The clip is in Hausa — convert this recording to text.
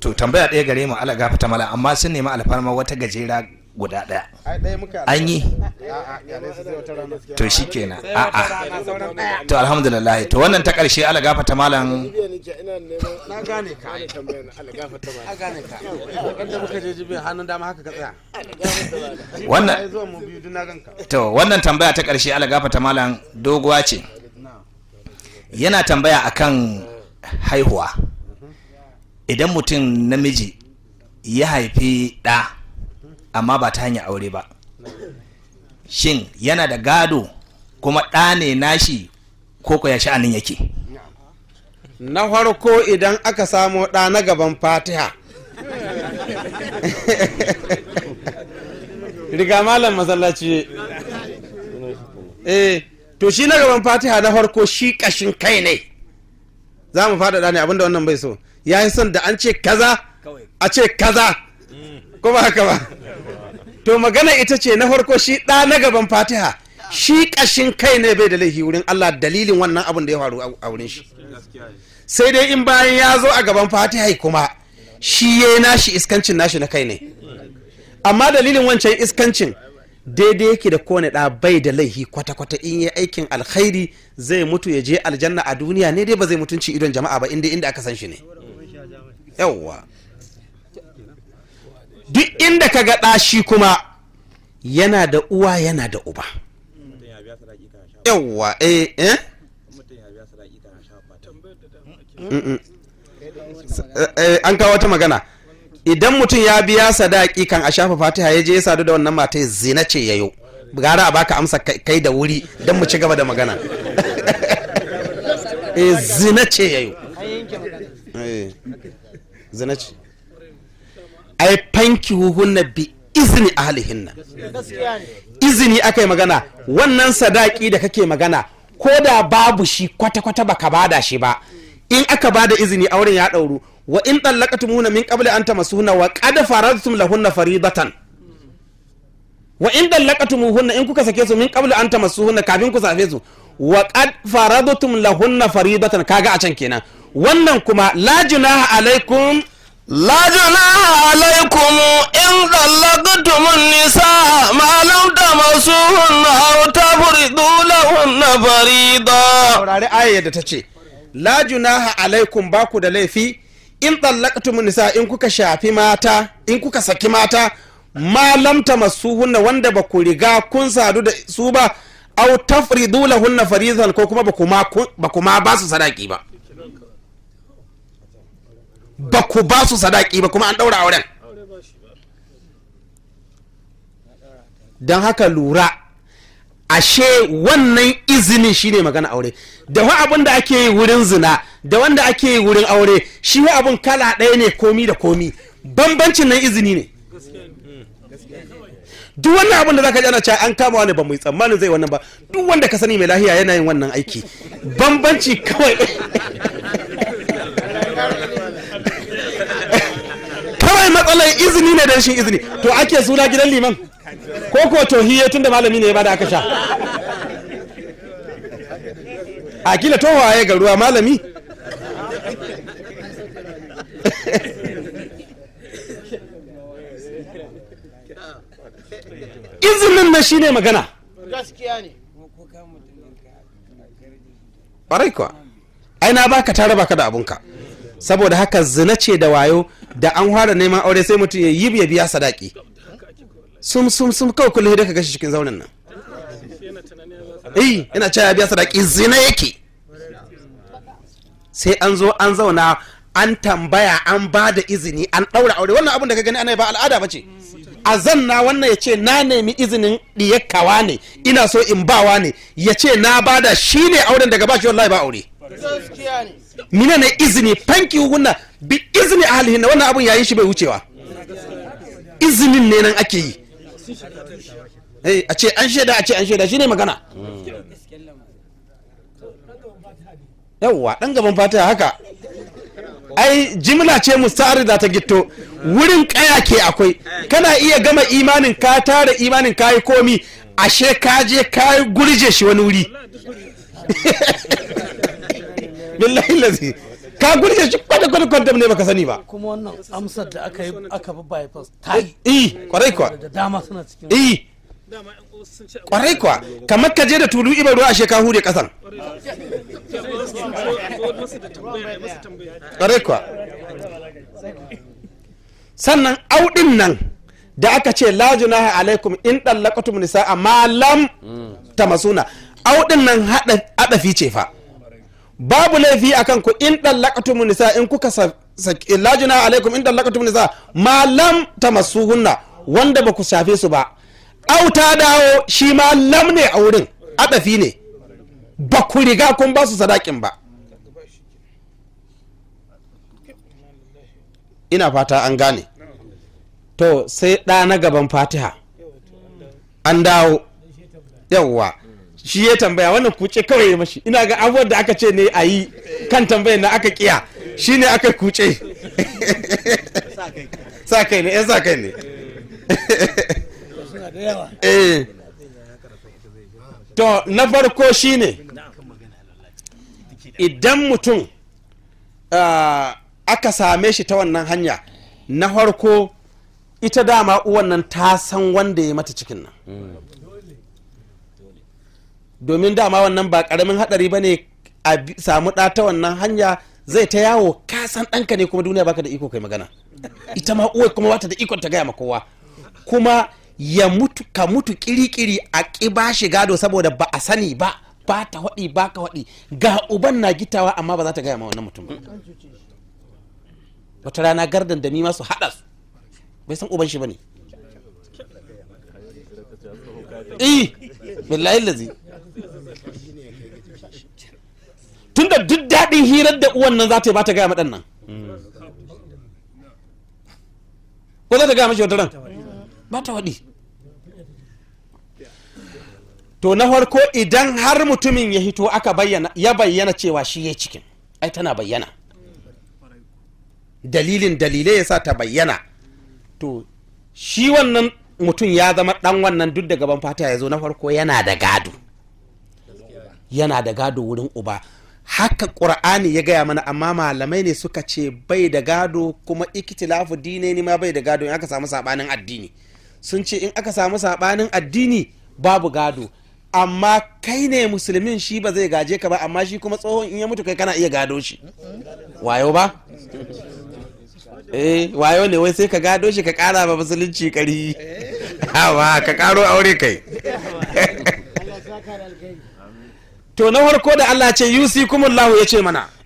to tambaya ɗaya gare mu ala gafata mala amma sun nemi alfarma wata gajera guda ɗaya an yi to shi kenan a'a to alhamdulillah to wannan ta ƙarshe ala gafata malan wannan to wannan tambaya ta ƙarshe ala gafata malan doguwa ce yana tambaya akan haihuwa idan mutum namiji ya haifi ɗa amma ba ta hanyar aure ba shin yana da gado kuma ɗa ne nashi ko ko ya sha'anin yake na farko idan aka samo ɗa na gaban fatiha riga malam masallaci eh to shi na gaban fatiha na farko shi kashin kai ne za mu faɗaɗa ne abinda wannan bai so ya yi son da an ce kaza a ce kaza kuma haka ba to magana ita ce na farko shi ɗa na gaban fatiha shi ƙashin kai ne bai da laifi wurin Allah dalilin wannan abin da ya faru a wurin shi sai dai in bayan ya zo a gaban fatiha kuma shi ya nashi iskancin nashi na kai ne amma dalilin wancan iskancin daidai yake da kowane ɗa bai da laifi kwata-kwata in yi aikin alkhairi zai mutu ya je aljanna a duniya ne dai ba zai mutunci idon jama'a ba inda inda aka san shi ne yawwa duk inda ka ga ɗashi kuma yana da uwa yana da uba yawwa eh eh. eh an kawo wata magana idan mutum ya biya sadaki kan a shafa fatiha ya je ya sadu da wannan mata zina ce yayo gara a baka amsa kai da wuri don mu ci gaba da magana eh, zina ce yayo Zanaci. ai fanki huhunna bi izini ahlihinna izini aka magana wannan sadaki da kake magana ko da babu shi kwata-kwata baka bada shi ba in aka bada izini auren ya ɗauru wa in ɗallakatumuna min qabli an tamassuhunna wa qad faradtum lahunna faridatan wa in hunna in kuka sake su min qablu an hunna kafin ku safe su wa qad faradtum lahunna faridatan kaga a can kenan wannan kuma la junaha alaikum لا جناح عليكم إن طلقتم النساء ما لم تمسوهن أو تفرضوا lahunna farida saurari ayyar da tace ce la junaha alaikum ba ku da laifi in tsallaktumun nisa in kuka shafi mata in kuka saki mata Malamta masu hunna wanda ba ku riga kun sadu da su ba aw tafridu lahunna farizan ko kuma ba ku ba su sadaki ba ba ku ba su sadaki ba kuma an daura auren don haka lura ashe wannan izinin shine magana aure da wa abin da ake yi wurin zina da wanda ake yi wurin aure shi wa abin kala ɗaya ne komi da komi bambancin nan izini ne duk wannan abin da zaka ji ana cewa an kama wani ba mu tsammanin zai wannan ba duk wanda ka sani mai lahiya yana yin wannan aiki bambanci kawai kawai matsalar izini ne da rashin izini to ake suna gidan liman ko ko hiye tun da malami ne ya bada aka sha a kila tohaye ga ruwa malami wannan na shine magana gaskiya ne ƙwarai kuwa ai na baka tare baka da abunka saboda haka zina ce da wayo da an fara neman aure sai mutum ya yi ya biya sadaki sum sum sum kawai kullum da gashi cikin zaunin nan eh yana cewa ya biya sadaki zina yake sai an zo an zauna an tambaya an ba da izini an ɗaura aure wannan abin da ka gani ana ba al'ada ba ce a zanna wannan ya ce na nemi izinin ɗiyakkawa ne ina so in bawa ne ya ce na bada shi ne auren daga bashi wallahi ba aure mina na izini fanki hukunna bi izini a halihin wannan abun yayin shi bai wucewa izinin ne nan ake yi eh, a ce an shaida a ce an shaida shi ne magana hmm. yawwa ɗan gaban fata haka ai jimla ce da ta gitto wurin kaya ke akwai kana iya gama imanin ka tare imanin ka yi komi ashe ka je ka gurje shi wani wuri billahi lazi ka gurje shi kwata kwata kwata ne baka sani ba kuma wannan amsar da aka yi aka bi bypass ta yi eh, eh kwarai kwa da dama suna cikin eh kwarai kuwa kamar ka je da tulu ibar ruwa a shekaru hure kasan kwarai kuwa sannan audin nan da aka ce la junaha alaikum in nisa nisaa malam ta masuna. audin nan hada fice ce fa babu laifi akan ku in dallaqatum nisaa in kuka la junaha alaikum in dallaqatum nisaa malam ta masuna. wanda ba ku shafe su ba au ta dawo shi ma lam ne a wurin ɗafi ne ba ku riga kun ba su sadakin ba ina fata an gane to sai ɗa na gaban fatiha an dawo yawwa shi ya tambaya wannan kuce kawai ya mashi ina ga abubuwan da aka ce ne a yi kan tambayar na aka kiya shi ne aka kuce sa kai ne ya sa kai ne eh, eh to na farko shine idan mutum ah, aka same shi ta wannan hanya na farko ita dama uwan nan ta san wanda ya mata cikin nan domin dama wannan ba karamin hadari ba ne a samu ɗa ta wannan hanya zai ta yawo ka san ɗanka ne kuma duniya baka da iko kai magana ita ma uwa kuma wata da ikon ta gaya ma kowa kuma ya mutu ka mutu kirikiri a ƙi ba shi gado saboda ba a sani ba ba ta haɗi ba ka haɗi ga uban na gitawa amma ba za ta gaya ma wannan mutum ba wata rana gardan da nima su haɗa su bai san uban shi ba ne eh billahi lazi tunda duk daɗin hirar da uwan nan za ta yi ba ta gaya maɗan nan ko za ta gaya mashi wata ran ba ta waɗi to na farko idan har mutumin ya hito aka bayyana ya bayyana cewa shi ya cikin ai tana bayyana dalilin dalilai ya sa ta bayyana to shi wannan mutum ya zama dan wannan duk da gaban fata ya zo na farko yana da gado yana da gado wurin uba haka ƙur'ani ya gaya mana amma malamai ne suka ce bai da gado kuma ikitilafu dine ne ma bai da gado in aka samu saɓanin addini sun ce in aka samu saɓanin addini babu gado amma kai ne musulmin shi ba zai gaje ka ba amma shi kuma tsohon in ya mutu kai kana iya gado shi wayo ba eh wayo ne wai sai ka gado shi ka kara ba musulunci kari hawa ka karo aure kai to na farko da Allah ce yusi kuma Allah ya ce mana